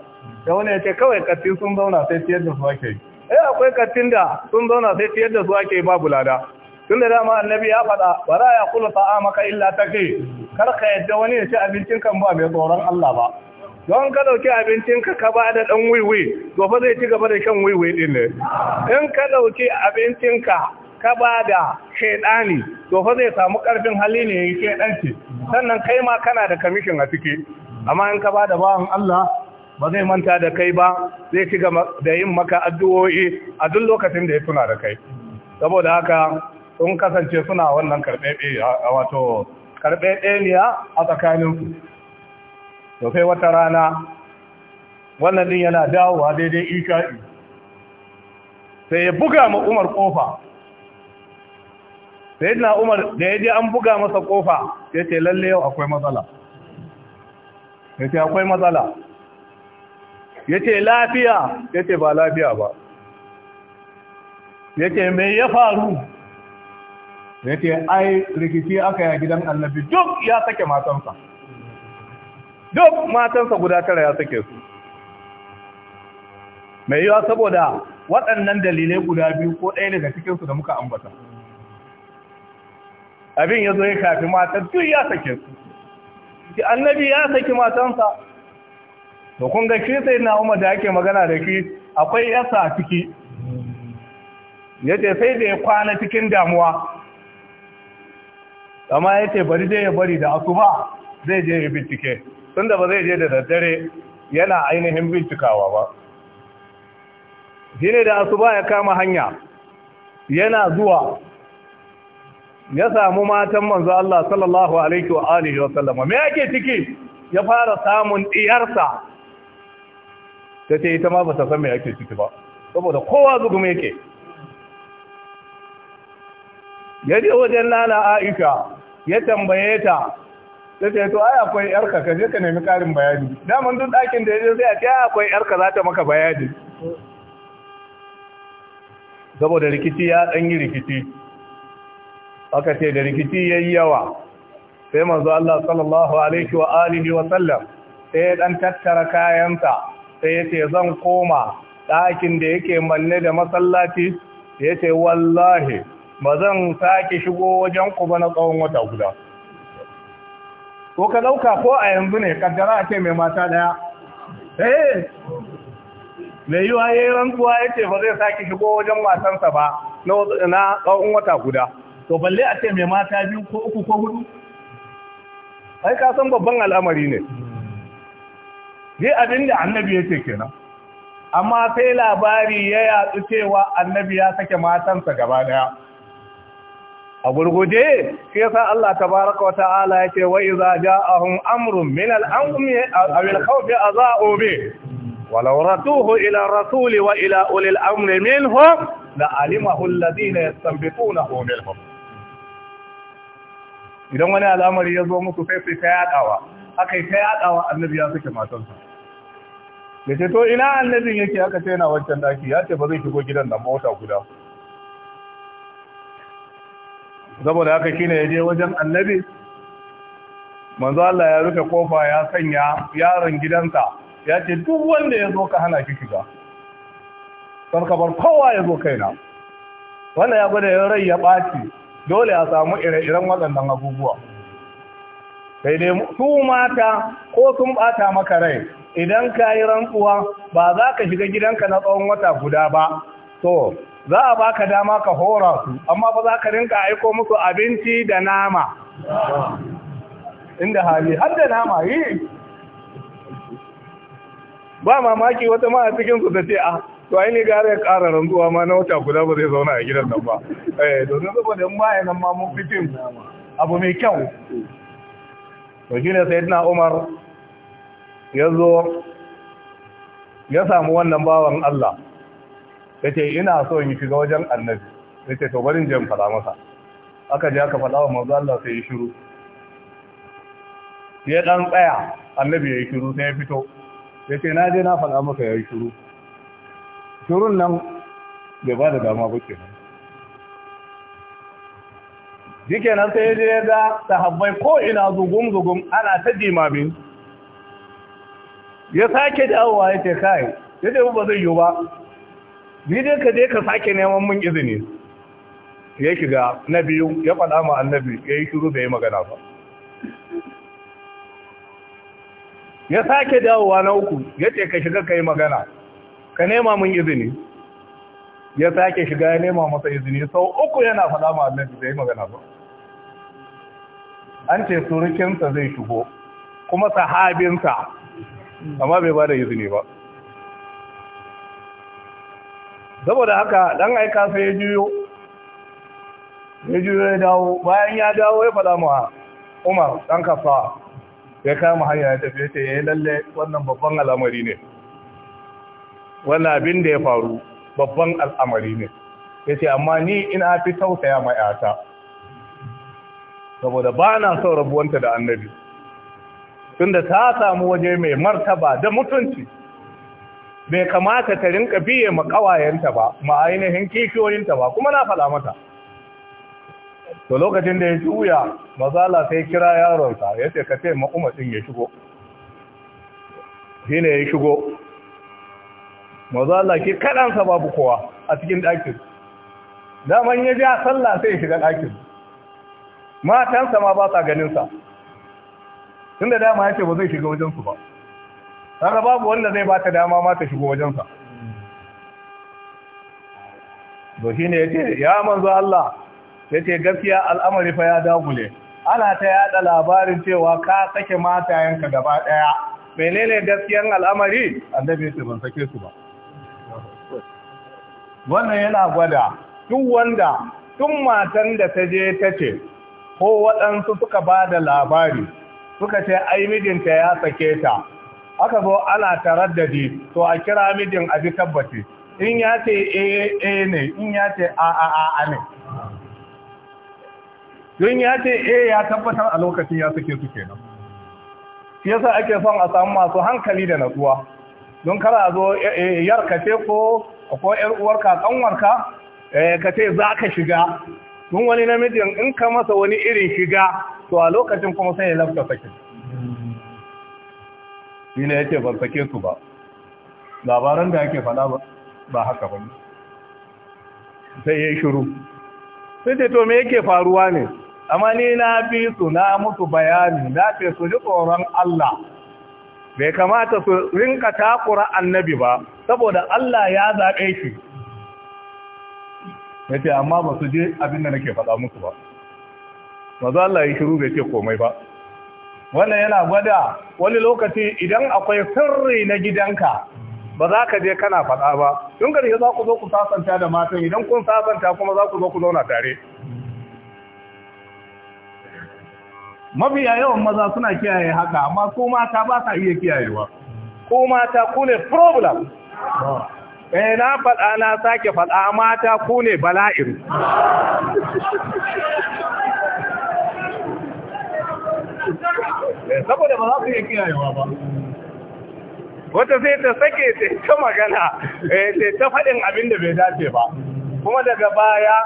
Speaker 1: da wani ya ce kawai katti sun zauna sai ciyar da su ake yi eh akwai kattin da sun zauna sai ciyar da su ake babu lada tun da dama annabi ya faɗa ba za ya kula maka illa ta ke. kar ka yadda wani ya ci abincin kan ba mai tsoron Allah ba don ka ɗauki abincin ka ka ba da ɗan wiwi gobe zai ci gaba da shan wiwi ɗin ne in ka ɗauki abincinka ka ba da shaidani to fa zai samu karfin hali ne ya yi shaidanci sannan kai ma kana da kamishin a ciki amma in ka ba da bawan Allah ba zai manta da kai ba zai ci da yin maka addu'o'i a duk lokacin da ya tuna da kai saboda haka sun kasance suna wannan karɓe wato karɓe ne a tsakaninsu to sai wata rana wannan din yana dawowa daidai isha'i sai ya buga ma umar kofa sai na umar da ya je an buga masa kofa ya ce lalle yau akwai matsala ya akwai matsala Yace lafiya ya ce ba lafiya ba ya ce mai ya faru ya ai rikici aka yi gidan annabi duk ya sake matansa duk matansa guda tara ya sake su mai yawa saboda waɗannan dalilai guda biyu ko ɗaya daga cikinsu da muka ambata abin ya zo ya kafi matan duk ya sake su annabi ya saki matansa to kun ga shi sai na umar da ake magana da shi akwai yasa a ciki ya sai da ya kwana cikin damuwa amma ya ce bari zai ya bari da asuba zai je ya bincike tun da ba zai je da daddare yana ainihin bincikawa ba shi da asuba ya kama hanya yana zuwa ya samu matan manzo Allah sallallahu alaihi wa alihi wa sallama me yake ciki ya fara samun diyarsa ta ce ita ma ba ta san me yake ciki ba saboda kowa me yake ya je wajen nana Aisha ya tambaye ta ta ce to ai akwai yarka ka je ka nemi karin bayani daman duk ɗakin da ya je sai a ce akwai yarka za ta maka bayani saboda rikici ya dan yi rikici aka ce da rikici ya yi yawa sai manzo Allah sallallahu alaihi wa alihi wa sallam sai ɗan tattara kayansa sai yace zan koma ɗakin da yake manne da masallaci yace wallahi ba zan sake shigo wajen ku ba na tsawon wata guda ko ka ɗauka ko a yanzu ne kaddara ce mai mata ɗaya? eh mai yiwa yayin rantsuwa yace ba zai sake shigo wajen matansa ba na tsawon wata guda to balle a ce mai mata biyu ko uku ko hudu ai ka san babban al'amari ne dai abin da annabi ya ce kenan amma sai labari ya yatsu cewa annabi ya sake matansa gaba daya a gurguje shi yasa Allah tabaraka wata'ala yake wa idza ja'ahum amrun min al-amri aw al-khawfi adha'u bi ولو ردوه إلى الرسول وإلى أولي الأمر منهم لعلمه الذين يستنبطونه منهم idan wani al'amari ya zo musu sai su ta yadawa aka yi ta yadawa annabi ya sake matansa. ya ce to ina annabin yake aka ce yana wancan daki ya ce ba zai shigo gidan nan mota guda saboda haka shine ya je wajen annabi manzo Allah ya rufe kofa ya sanya yaron gidansa ya ce duk wanda ya zo ka hana shi shiga sarkabar kowa ya zo kaina wanda ya gwada ya rai ya ɓaci dole a samu ire-iren waɗannan abubuwa sai dai su mata ko sun bata maka rai idan ka yi rantsuwa ba za ka shiga gidanka na tsawon wata guda ba to za a ba ka dama ka hora su amma ba za ka rinka aiko musu abinci da nama inda hali har da nama yi ba mamaki wata ma a cikinsu da ce a ah, to aini gare ya ƙara rantsuwa ma na wata guda ba zai zauna a gidan nan ba eh domin saboda in ba ya nan ma mun fitin abu mai kyau to shine sayyidina Umar ya zo ya samu wannan bawan Allah yace ina so in shiga wajen annabi yace to barin in fada masa aka je aka fada wa manzo Allah sai ya shiru ya dan tsaya annabi ya yi shiru sai ya fito yace na je na fada maka ya yi shiru shirun nan bai ba da dama ba ke nan. jike nan sai je da sahabbai ko ina zugun-zugun ana ta jimamin ya sake dawowa ya ce kai ya ce ba zai yi ba ni dai ka je ka sake neman mun izini ya shiga na biyu ya faɗa ma annabi ya yi shiru da ya magana ba ya sake dawowa na uku ya ce ka shiga ka yi magana ka nema mun izini ya sake shiga ya nema masa izini sau uku yana fada ma da magana ba an ce surukinsa zai shigo kuma sahabinsa amma bai bada izini ba saboda haka dan aika sai ya juyo ya juyo ya dawo bayan ya dawo ya faɗa ma umar dan kafa ya kama hanya ya tafi ya ce ya eh, yi lalle wannan babban al'amari ne wannan abin da ya faru babban al'amari ne ya ce amma ni ina fi tausaya ma yata saboda ba na son rabuwanta da annabi tunda ta samu waje mai martaba da mutunci bai kamata ta rinka biye ma ba maainihin kishiyoyinta ba kuma na faɗa mata to lokacin da ya juya mazala sai kira yaronsa ya ce ka ce ma ɗin ya shigo shi ne ya shigo Mazu Allah ke kaɗansa babu kowa a cikin ɗakin daman ya ja sallah sai ya shiga ɗakin matansa ma ba sa ganinsa tun da dama ya ce ba zai shiga wajensu ba haka babu wanda zai ba ta dama ma ta shiga wajensa to shi ne ya ce ya manzo Allah ya ce gaskiya al'amari fa ya dagule ana ta yada labarin cewa ka sake matayenka gaba ɗaya menene gaskiyan al'amari annabi ya ce ban sake su ba wannan yana gwada duk wanda tun matan da ta je ta ce ko waɗansu suka ba da labari suka ce ai mijinta ya sake ta aka zo ana ji to a kira mijin a ji tabbaci in ya ce aaa eh, eh, ne in ya ce aaa ne don ya ce a eh, ya tabbatar a lokacin ya sake suke nan shi yasa ake son a samu masu hankali da natsuwa don kara zo yarkace ko ko ‘yar uwarka kanwarka eh, ka ce za ka shiga tun wani namijin in ka masa wani irin shiga to a lokacin kuma sai ya lafta fakin shi ne ya ce ban sake su ba labaran da yake fada ba haka ba sai ya yi shuru sai ce to me yake faruwa ne amma ni na fi su na musu bayani na ce su ji tsoron Allah bai kamata su rinka takura annabi ba saboda Allah ya zaɓe shi ya ce amma ba su je abinda nake faɗa musu ba Ba za Allah yi shiru bai ce komai ba wannan yana gwada wani lokaci idan akwai sirri na gidanka ba za ka je kana faɗa ba tun ƙarshe za ku zo ku sasanta da matan idan kun sasanta kuma za ku zo ku zauna tare mafiya yawan maza suna kiyaye haka amma ko mata ba sa iya kiyayewa ko mata ku ne problem eh na faɗa na sake faɗa mata ku ne bala'in
Speaker 2: eh, saboda ba za su yi
Speaker 1: kiyayewa ba wata sai ta sake ta ta magana eh, ta ta faɗin abin da bai dace ba kuma daga baya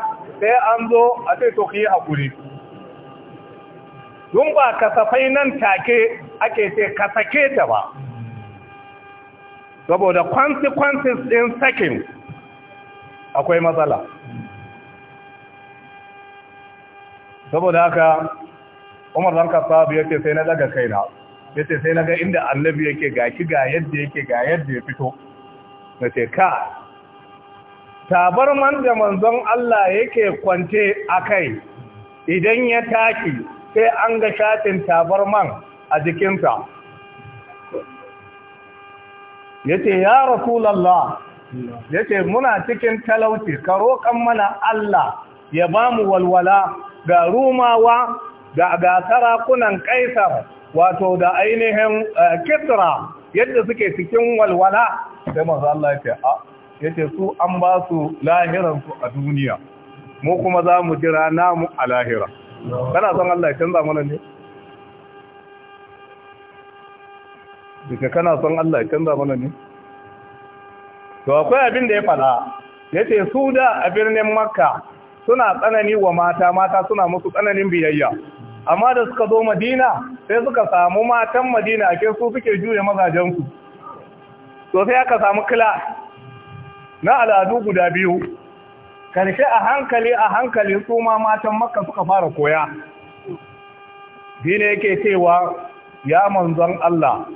Speaker 1: sai an zo a sai to ki hakuri dun ba kasafai nan take ake ce ka sake ta ba saboda consequences ɗin sakin akwai matsala saboda haka umar dan sabu yake sai na daga kaina yake sai na ga inda annabi yake gashi ga yadda yake ga yadda ya fito na ce ka tabar man da manzon Allah yake kwance a kai idan ya taki sai an ga shatin man a jikinsa Ya ce ya Ya ce muna cikin talauci ka roƙon mana Allah ya ba mu walwala ga rumawa ga gasara kunan kaisar wato da ainihin eh, kisra yadda suke cikin walwala sai masu Allah a su an ba su lahiransu a duniya mu kuma za mu jira namu a lahira kana son Allah ya canza mana ne duka kana son Allah canza mana ne to akwai abin da ya fada ce su da a birnin makka suna tsanani wa mata mata suna musu tsananin biyayya amma da suka zo madina sai suka samu matan madina a su suke juya mazajensu to sai aka samu kila na al'adu guda biyu karshe a hankali a hankali su ma matan makka suka fara koya dina yake cewa ya manzon Allah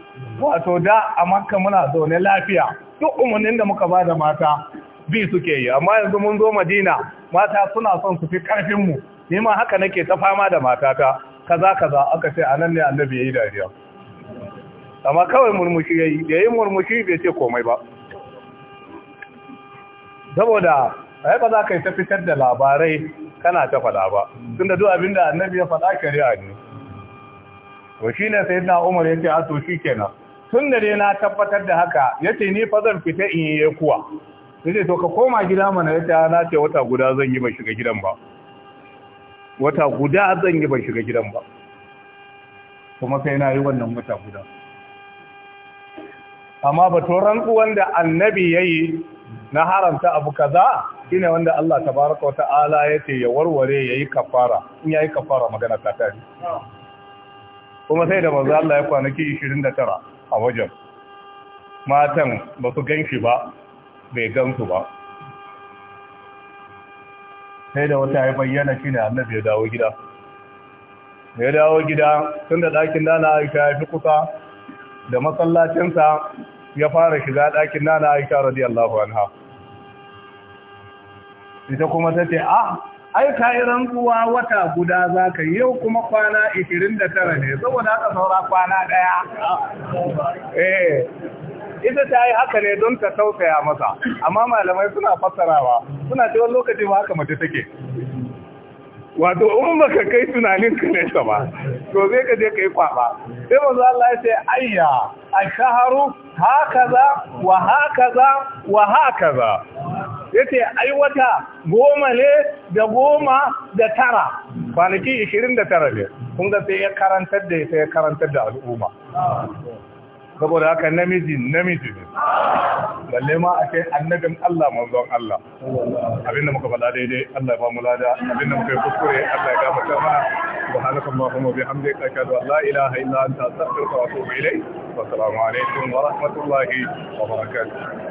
Speaker 1: wato da a makka muna zaune lafiya duk umarnin da muka ba da mata bi suke yi amma yanzu mun zo madina mata suna son su fi karfinmu ni ma haka nake ta fama da matata kaza kaza aka ce a nan ne annabi ya yi dariya amma kawai murmushi ya yi ya yi murmushi bai ce komai ba saboda ai ba za ka yi ta fitar da labarai kana ta faɗa ba tunda duk abin da annabi ya faɗa shari'a ne to shi ne sai na umar ya ce a to shi kenan tun da dai na tabbatar da haka ya ce ni fa zan fita in yi kuwa sai ce to ka koma gida mana ya ce na ce wata guda zan yi ban shiga gidan ba wata guda zan yi ban shiga gidan ba kuma sai na yi wannan wata guda amma batun rantsu wanda annabi ya yi na haramta abu kaza shine wanda Allah tabaraka wa ta'ala yace ya warware yayi kafara in yayi kafara magana ta tare kuma sai da manzo Allah ya kwanaki 29 a wajen matan ba su ganshi ba bai gansu ba sai da wata ya bayyana ne annabi ya dawo gida ya dawo gida tun da ɗakin nana aisha ya fi kusa da masallacinsa ya fara shiga ɗakin nana aisha radiyallahu anha ita kuma ta ce a ah, ai ka yi rantsuwa wata guda za ka yau kuma kwana 29 ne saboda haka saura kwana ɗaya eh ita ta yi haka ne don ta tausaya masa amma malamai suna fassarawa suna cewa lokacin ba haka mace take wato in ka kai tunanin ka nesa ba to zai ka je ka yi kwaba sai za Allah ya ce ayya ashaharu hakaza wa hakaza wa hakaza ya ce ai wata goma ne da goma da tara kwanaki ishirin da tara ne kun ga sai ya karantar da ya karantar da al'umma saboda haka namiji namiji ne balle ma a kai annabin Allah manzon Allah abinda muka faɗa daidai Allah ya ba mu lada abinda muka yi kuskure Allah ya gafarta mana subhanaka allahumma wa bihamdika ashhadu an la ilaha illa anta astaghfiruka wa atubu ilayk wa assalamu alaikum
Speaker 2: wa rahmatullahi wa